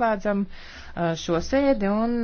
Slēdzam šo sēdi un